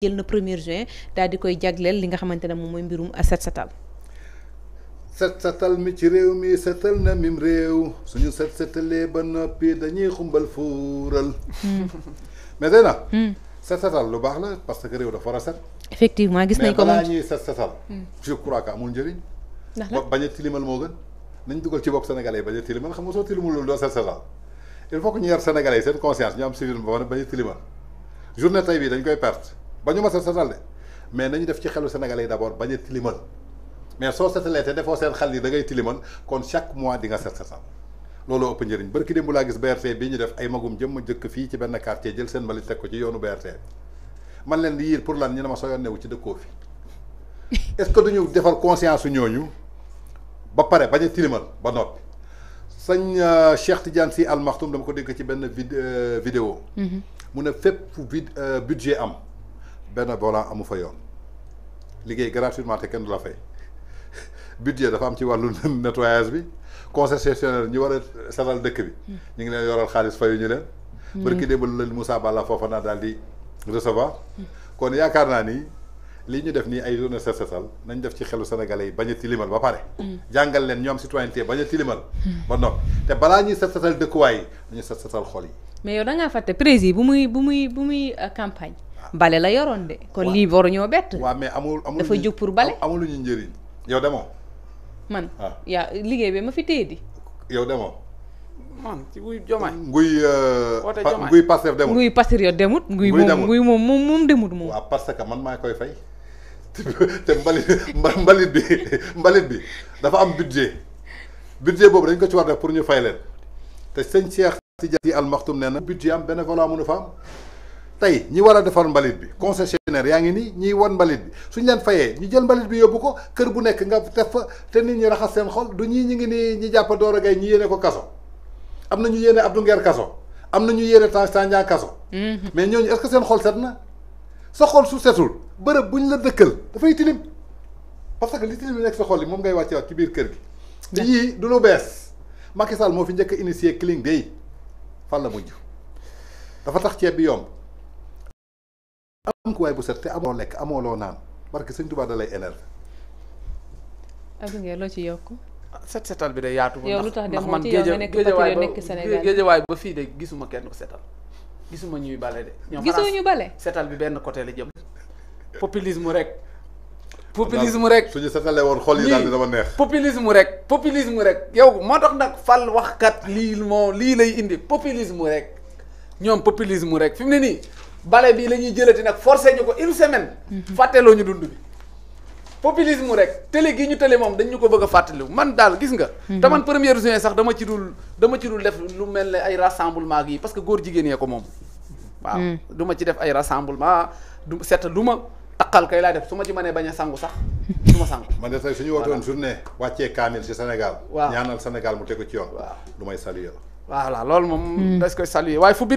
jël na premier juin daal di koy jagleel li nga xamante ne moom mooy mbirum set setal set setal mi ci réew mi setal na mim réew suñu set setalee ba noppi dañuy xumbal fuural mais day set setal lu baax la parce que réew dafa war a effectivement gis nañ ko moom ñuy set setal je crois que amul njëriñ ndax bañ a tilimal moo gën nañ dugal ci bopp sénégalais bañ a tilimal xam nga soo tilimul loolu doo set setal il faut que ñu yar sénégalais seen conscience ñu am civil ba bañ a tilimal journée tey bi dañ koy perte ba ñu ma sa setal de mais nañu def ci xelu sénégalais yi d' abord bañ a tilimal mais soo setalee te defoo seen xel yi da ngay tilimal kon chaque mois di nga set setal loolu ëpp njëriñ barki démb laa gis BRT bi ñu def ay magum jëmm jëkk fii ci benn quartier jël seen mbalit teg ko ci yoonu BRT bi man leen di yiir pour lan ñu ne ma soo yoon newu ci dëkkoo fi est ce que duñu defar conscience su ñooñu ba pare bañ a tilimal ba noppi sañ Cheikh Tidiane Sy Al Maktoum dama ko dégg ci benn vid vidéo mu ne fépp fu budget am ben volant amu fa yoon liggéey gratuitement te kenn du la fay budget dafa am ci walu nettoyage bi concessionnaire ñu war a setal dëkk bi ñu ngi leen yoral xaalis fayu ñu leen barki débal leen Moussa Balla foofa naa daal di recevoir kon yaakaar naa ni li ñu def ni ay journée set setal nañ def ci xelu sénégalais yi bañ a tilimal ba pare jàngal leen ñoom citoyenneté bañ a tilimal ba noppi te balaa ñuy set setal dëkkuwaay yi dañu set setal xol yi mais yow da ngaa fàtte président bu muy bu muy bu muy campagne bale la yoroon de. kon lii waru ñoo bett. waaw mais amul amul dafa jóg pour bale. amul ñu njëriñ yow demoo. man ah. yaa liggéey bi ma fi téye di. yow demoo. man ci nguy jomaay. nguy. Euh, woote jomaay nguy Pastef demut. nguy moom nguy moom demut moom. waaw parce que man maa koy fay te mbalit mbalit bi mbalit bi dafa am budget budget boobu dañ ko ci war pour ñu fay leen te sëñ Cheikh Tidiane Al Maktoum nee na budget am benn volant mënu fa tey ñi war a defar mbalit bi concessionnaire yaa ngi nii ñiy won mbalit bi suñ leen fayee ñu jël mbalit bi yóbbu ko kër bu nekk nga def fa te nit ñi raxas seen xol du ñii ñi ngi nii ñi jàpp Doro Gaye ñi yéene ko kaso am na ñu yéene Abdou Nguer kaso am na ñu yéene Tange Tandian kaso mm-hmm. mais ñooñu est ce que seen xol set na sa xol su setul bërëb bu ñu la dëkkal dafay tilim parce que li tilim bi nekk sa xol yi moom ngay wàcce waat ci biir kër gi yii du lu bees Macky Sall moo fi njëkk a initié clean day fan la mujj dafa tax ceeb bi yomb donc waaye bu set te amoo lekk amoo loo que sëñ Tuubaa da lay énerve. Abdoulaye loo ci yokk. Ah, set setal bi day yaatu. yow lu tax demoo ci yow nekk Sénégal ndax man géejawaay ba kenn ko setal gisuma ñuy bale ñoom gisoo ñu bale setal bi benn côté la jëm. populisme rek. populisme rek suñu setalee woon xool yi daal dina ma neex. populisme rek populisme rek yow moo tax nag fal kat lii moo lii lay indi populisme rek ñoom populisme rek fi mu ne nii. bale bi la ñuy jëlati nag forcé ñu ko une semaine. Mhm. fàtteloo ñu dund bi. populisme rek télé gi ñu télé moom dañ ñu ko bëgg a fàttali man daal gis nga. Mhm. te man premier juin sax dama ci dul dama ci dul def lu mel ne ay rassemblement yi parce que góor jigéen ko moom. Mhm. ma ci def ay rassemblement du set lu ma taqal kay laay def su ma ci mënee bañ a sangu sax du ma sangu. man de tey su ñu wootoon journée wàccee kaamil ci Sénégal. waaw ñaanal Sénégal mu tegu ci yoon. waaw may saluer loolu moom. dañ koy saluer waaye fu